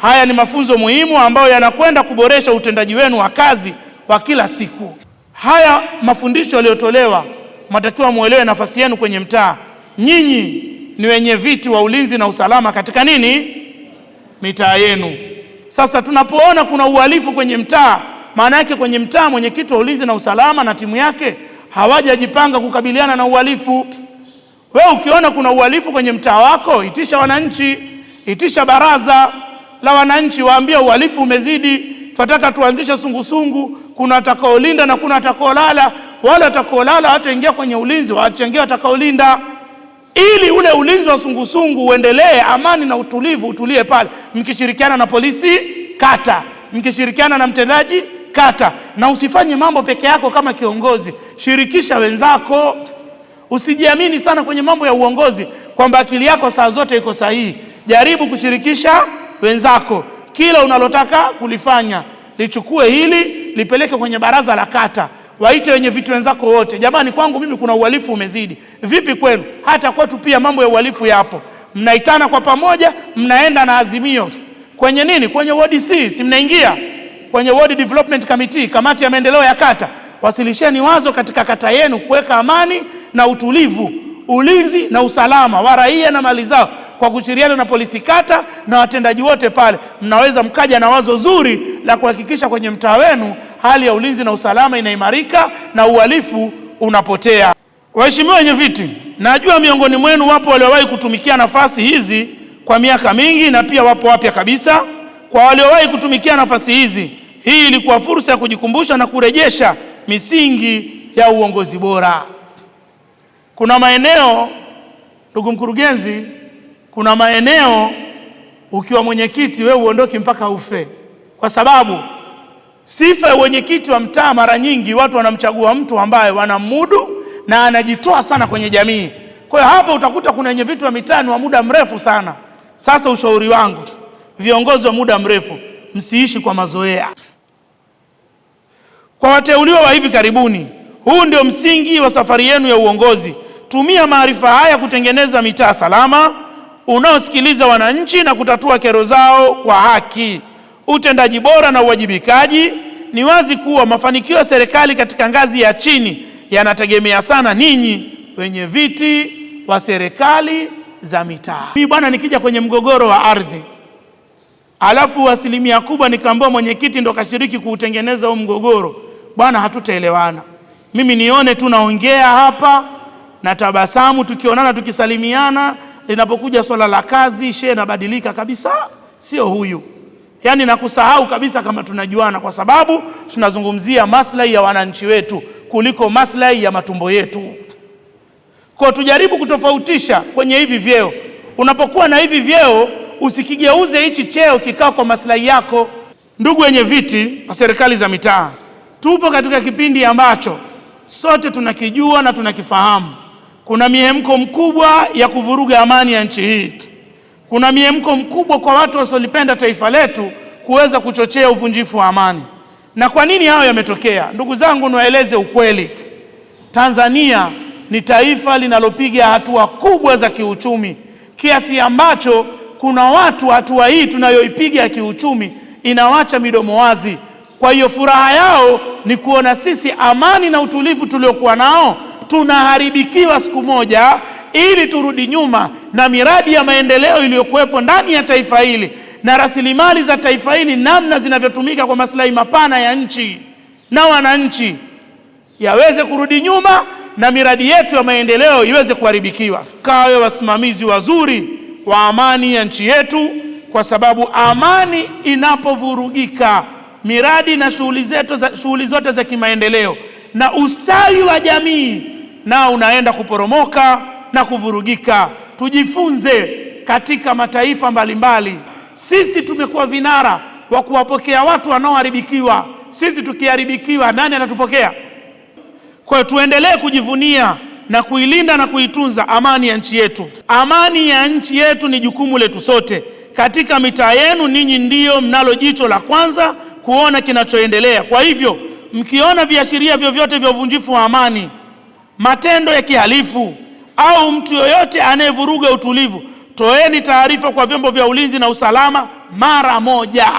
Haya ni mafunzo muhimu ambayo yanakwenda kuboresha utendaji wenu wa kazi wa kila siku. Haya mafundisho yaliyotolewa, mnatakiwa muelewe nafasi yenu kwenye mtaa. Nyinyi ni wenye viti wa ulinzi na usalama katika nini, mitaa yenu. Sasa tunapoona kuna uhalifu kwenye mtaa, maana yake kwenye mtaa mwenyekiti wa ulinzi na usalama na timu yake hawajajipanga kukabiliana na uhalifu. Wewe ukiona kuna uhalifu kwenye mtaa wako, itisha wananchi, itisha baraza la wananchi, waambia uhalifu umezidi, tunataka tuanzishe sungusungu. Kuna atakaolinda na kuna watakaolala. Wale watakaolala hataingia kwenye ulinzi, waachangia watakaolinda, ili ule ulinzi wa sungusungu uendelee, amani na utulivu utulie pale, mkishirikiana na polisi kata, mkishirikiana na mtendaji kata. Na usifanye mambo peke yako kama kiongozi, shirikisha wenzako. Usijiamini sana kwenye mambo ya uongozi kwamba akili yako saa zote iko sahihi. Jaribu kushirikisha wenzako, kila unalotaka kulifanya lichukue hili lipeleke kwenye baraza la kata, waite wenye vitu wenzako wote. Jamani, kwangu mimi kuna uhalifu umezidi. Vipi kwenu? Hata kwetu pia mambo ya uhalifu yapo. Mnaitana kwa pamoja, mnaenda na azimio kwenye nini? Kwenye ward C, si mnaingia kwenye ward development committee, kamati ya maendeleo ya kata. Wasilisheni wazo katika kata yenu kuweka amani na utulivu, ulinzi na usalama wa raia na mali zao kwa kushiriana na polisi kata na watendaji wote pale, mnaweza mkaja na wazo zuri la kuhakikisha kwenye mtaa wenu hali ya ulinzi na usalama inaimarika na uhalifu unapotea. Waheshimiwa wenye viti, najua miongoni mwenu wapo waliowahi kutumikia nafasi hizi kwa miaka mingi na pia wapo wapya kabisa. Kwa waliowahi kutumikia nafasi hizi, hii ilikuwa fursa ya kujikumbusha na kurejesha misingi ya uongozi bora. Kuna maeneo, ndugu mkurugenzi kuna maeneo ukiwa mwenyekiti wewe uondoki mpaka ufe, kwa sababu sifa ya mwenyekiti wa mtaa, mara nyingi watu wanamchagua mtu ambaye wanamudu na anajitoa sana kwenye jamii. Kwa hiyo hapa utakuta kuna wenye vitu wa mitaani wa muda mrefu sana. Sasa ushauri wangu, viongozi wa muda mrefu, msiishi kwa mazoea. Kwa wateuliwa wa hivi karibuni, huu ndio msingi wa safari yenu ya uongozi. Tumia maarifa haya kutengeneza mitaa salama unaosikiliza wananchi na kutatua kero zao kwa haki, utendaji bora na uwajibikaji. Ni wazi kuwa mafanikio ya serikali katika ngazi ya chini yanategemea sana ninyi wenye viti wa serikali za mitaa. Mimi bwana, nikija kwenye mgogoro wa ardhi alafu asilimia kubwa nikaambiwa mwenyekiti ndo kashiriki kuutengeneza huu mgogoro, bwana, hatutaelewana. Mimi nione tunaongea hapa na tabasamu, tukionana, tukisalimiana linapokuja swala la kazi, shehe nabadilika kabisa, sio huyu yaani nakusahau kabisa kama tunajuana, kwa sababu tunazungumzia maslahi ya wananchi wetu kuliko maslahi ya matumbo yetu. Kwa tujaribu kutofautisha kwenye hivi vyeo. Unapokuwa na hivi vyeo, usikigeuze hichi cheo kikao kwa maslahi yako. Ndugu wenye viti na serikali za mitaa, tupo katika kipindi ambacho sote tunakijua na tunakifahamu kuna miemko mkubwa ya kuvuruga amani ya nchi hii. Kuna miemko mkubwa kwa watu wasiolipenda taifa letu kuweza kuchochea uvunjifu wa amani. Na kwa nini hayo yametokea? Ndugu zangu, niwaeleze ukweli, Tanzania ni taifa linalopiga hatua kubwa za kiuchumi kiasi ambacho kuna watu hatua hii tunayoipiga ya kiuchumi inawacha midomo wazi. Kwa hiyo furaha yao ni kuona sisi amani na utulivu tuliokuwa nao tunaharibikiwa siku moja, ili turudi nyuma na miradi ya maendeleo iliyokuwepo ndani ya taifa hili na rasilimali za taifa hili, namna zinavyotumika kwa maslahi mapana ya nchi na wananchi, yaweze kurudi nyuma na miradi yetu ya maendeleo iweze kuharibikiwa. Kawe wasimamizi wazuri wa amani ya nchi yetu, kwa sababu amani inapovurugika, miradi na shughuli zetu shughuli zote za kimaendeleo na ustawi wa jamii nao unaenda kuporomoka na kuvurugika. Tujifunze katika mataifa mbalimbali mbali. Sisi tumekuwa vinara wa kuwapokea watu wanaoharibikiwa. Sisi tukiharibikiwa, nani anatupokea? Kwa hiyo tuendelee kujivunia na kuilinda na kuitunza amani ya nchi yetu. Amani ya nchi yetu ni jukumu letu sote. Katika mitaa yenu ninyi ndiyo mnalo jicho la kwanza kuona kinachoendelea. Kwa hivyo mkiona viashiria vyovyote vya uvunjifu wa amani matendo ya kihalifu au mtu yoyote anayevuruga utulivu, toeni taarifa kwa vyombo vya ulinzi na usalama mara moja.